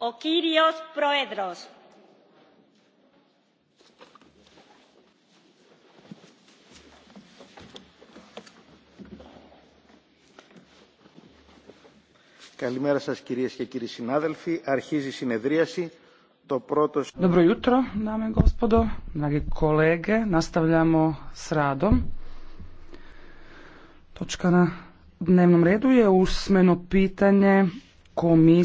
o Kyrios Proedros. Kalimera sas kirijas i kiri sinadelfi, arhizi proto... Dobro jutro, dame i gospodo, dragi kolege, nastavljamo s radom. Točka na dnevnom redu je usmeno pitanje komisije